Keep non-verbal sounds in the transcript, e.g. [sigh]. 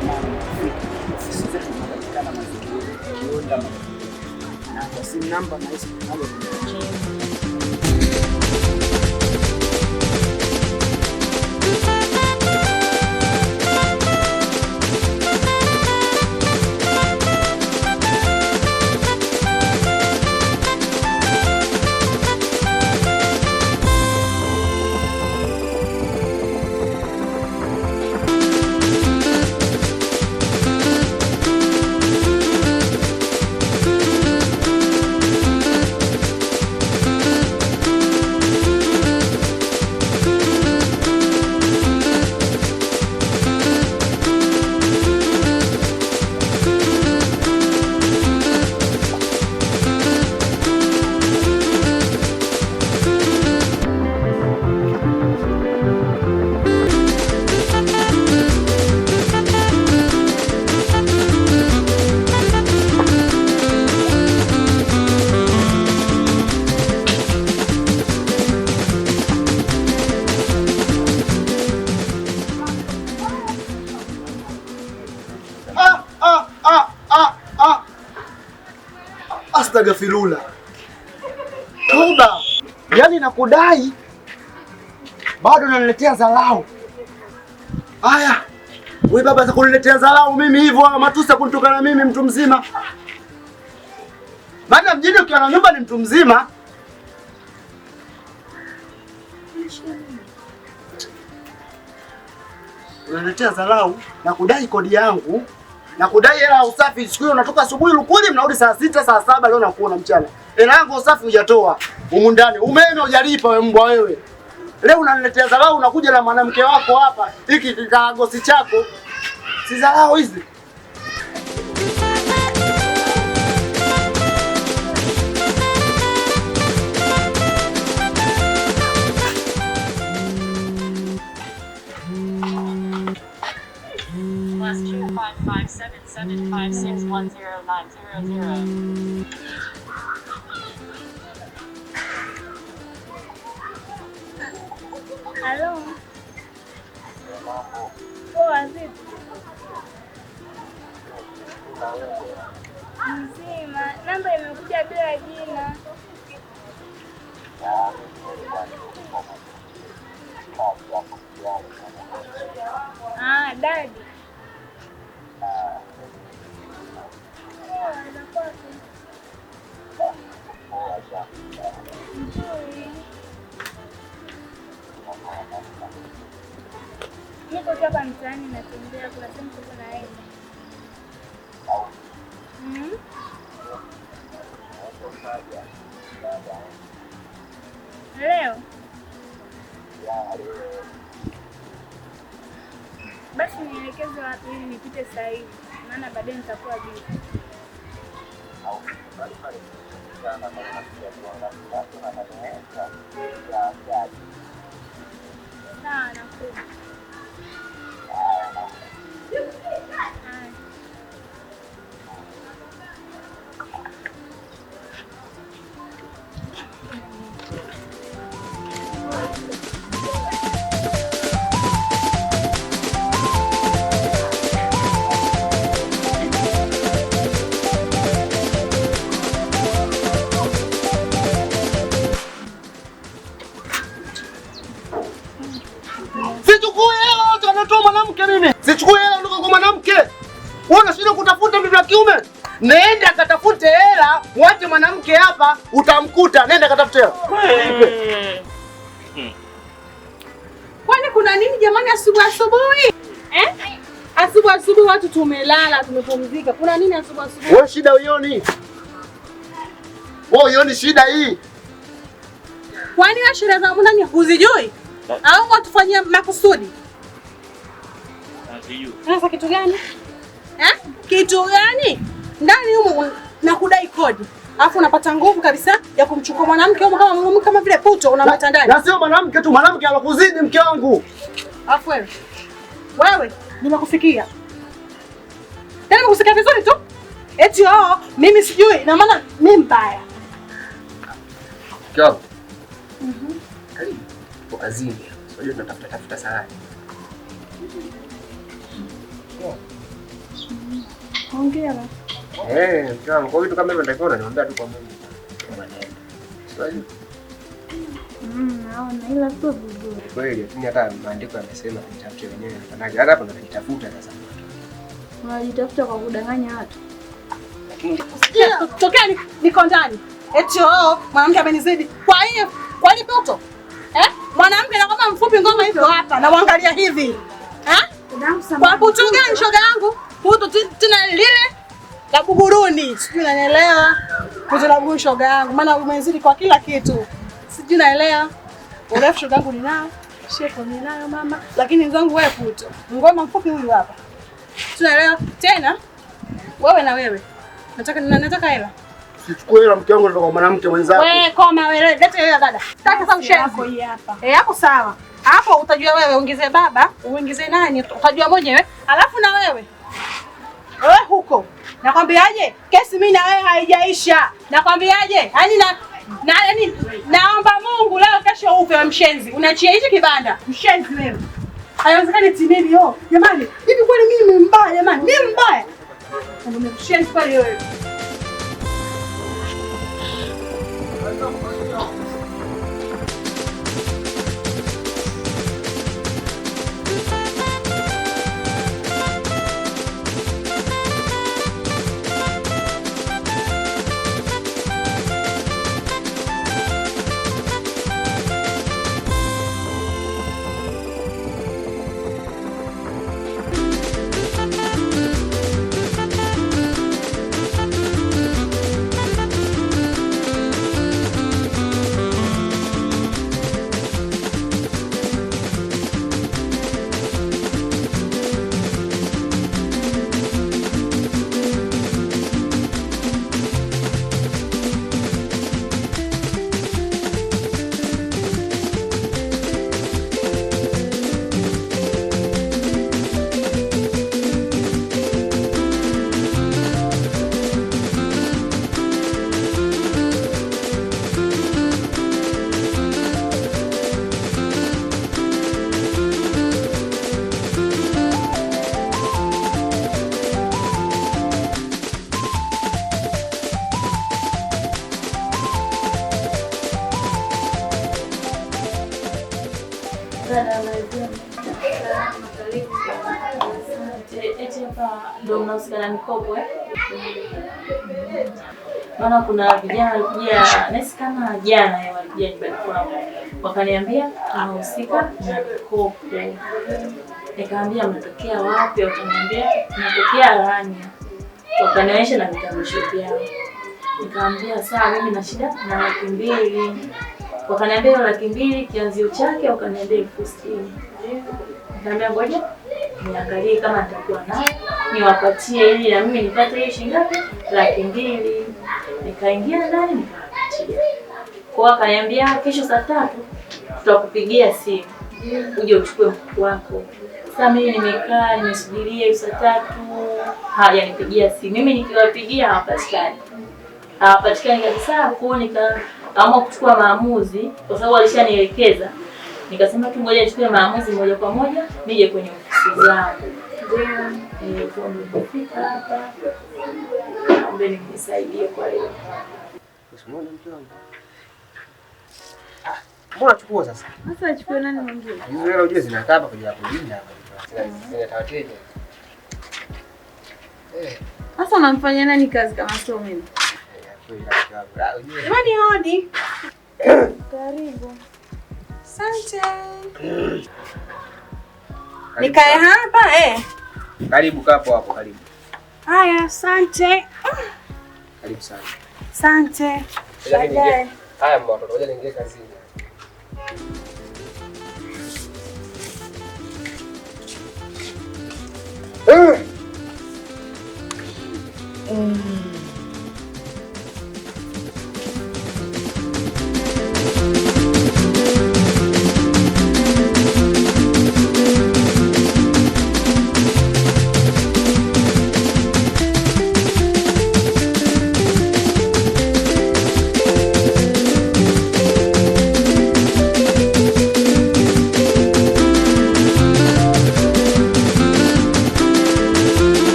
jamani, sisi zetu tunapatikana mazingira Kionda na kwa simu namba na hizo tunalo anaitwaga Firula Toba. Yani nakudai bado naniletea dharau. Haya, wewe baba za kuniletea dharau mimi hivyo, matusa kunitukana mimi mtu mzima, maana mjini ukiwa na nyumba ni mtu mzima. Unaniletea dharau na kudai kodi yangu na kudai hela usafi. Siku hiyo unatoka asubuhi Lukuli, mnarudi saa sita saa saba leo nakuona mchana, hela yangu usafi hujatoa humu ndani, umeme hujalipa wewe, mbwa wewe. Leo unaniletea dharau, unakuja na mwanamke wako hapa, hiki kikaagosi chako si dharau hizi? seven seven five six Mzima, namba imekuja bila jina. Ah, dadi. Niko tu hapa mtaani natembea, kuna sehemu naenda. Leo basi nielekeze wapi ili nipite saa maana baadaye nitakuwa juu. การทำงานเกี่ยวกับ Nenda katafute hela, mwache mwanamke hapa, utamkuta. Nenda katafute hela. Hmm. Kwani kuna nini jamani, asubuhi asubuhi eh? Asubuhi asubuhi watu tumelala, tumepumzika. Kuna nini asubuhi asubuhi? Wewe shida uioni? Wewe uioni shida hii? Kwani sherehe za Mungu huzijui? Au watufanyia makusudi? Sasa kitu gani? Eh? Kitu gani? ndani humo na kudai kodi, alafu unapata nguvu kabisa ya kumchukua mwanamke humo kama mwanamke kama vile puto unamata ndani. Na sio mwanamke tu, mwanamke alokuzidi mke wangu. Alafu wewe wewe, nimekusikia tena, yaani nimekusikia vizuri tu eti oh, mimi sijui na maana mimi mbaya mhm. Kwa kazini. Unajua tunatafuta tafuta sana. Hongera kwa vitu kama hivyo ndio unaniambia tu kwa Mungu. Mm, Kweli, lakini hata maandiko yamesema nitafute wenyewe nifanaje. Hata hapa nitafuta sasa. Unajitafuta kwa kudanganya watu. Tokeni niko ndani. Eti oo, mwanamke amenizidi. Kwa hiyo, kwa hiyo poto. Eh? Mwanamke na kama mfupi ngoma iko hapa na muangalia hivi. Eh? Kwa kuchunga shoga yangu, hutu tena lile la kuburuni, sijui unanielewa, kuzilabuni shoga yangu, maana umezidi kwa kila kitu, sijui naelewa. Urefu shoga yangu ninao, shepo ninayo mama, lakini mzangu wewe puto, ngoma mfupi huyu hapa, tunaelewa tena. Wewe na wewe, nataka nataka hela Sichukue hela mke wangu, natoka mwanamke mwenzako. Wewe koma wewe, leta hela dada. Taka sasa ushenzi. Yako hii hapa. Eh, hapo sawa. Hapo utajua wewe, ongeze baba, uongeze nani, utajua mwenyewe. Alafu na wewe wewe huko, nakwambiaje? Kesi mimi na wewe haijaisha, nakwambiaje? Yaani na na yani, naomba Mungu leo kesho ufe wa mshenzi. Unachia hichi kibanda. Mshenzi wewe. Haiwezekani timini yo. Oh, jamani, hivi kweli mimi mbaya jamani? Mimi mbaya. Mshenzi kweli wewe. wote hapa ndio mnahusika na mikopo eh? Maana kuna vijana walikuja nahisi kama jana walikuja nyumbani kwangu wakaniambia anahusika na mikopo. Nikaambia mnatokea wapi? Wakaniambia tunatokea Rania. Wakanionyesha na vitambulisho vyao. Nikaambia sawa, mimi na shida na laki mbili. Wakaniambia laki mbili kianzio chake, wakaniambia elfu sitini. Nikaambia ngoja niangalie kama nitakuwa nayo niwapatie, ili na mimi nipate hiyo shilingi laki mbili. Nikaingia ndani nikawapatia kwa, akaniambia kesho saa tatu tutakupigia simu uje uchukue mkuku wako. Sasa mimi nimekaa nimesubiria saa tatu, hajanipigia simu. Mimi nikiwapigia hawapatikani, hawapatikani kabisa. Kwao nikaamua kuchukua maamuzi, kwa sababu alishanielekeza nikasema tu ngoja nichukue maamuzi moja kwa moja nije kwenye ofisi zangu. Eh, ah, mbona sasa? Sasa achukue nani mwingine? Hizo hela ujue zinakaa hapa kwa ajili ya kulinda. Eh. Sasa nani kazi kama sio mimi? Eh, ah, Jamani hodi. [coughs] Karibu. Asante. Nikae hapa eh. Karibu kapo hapo karibu. Haya, asante. Karibu sana. Asante. Haya mtoto, ngoja niingie kazini.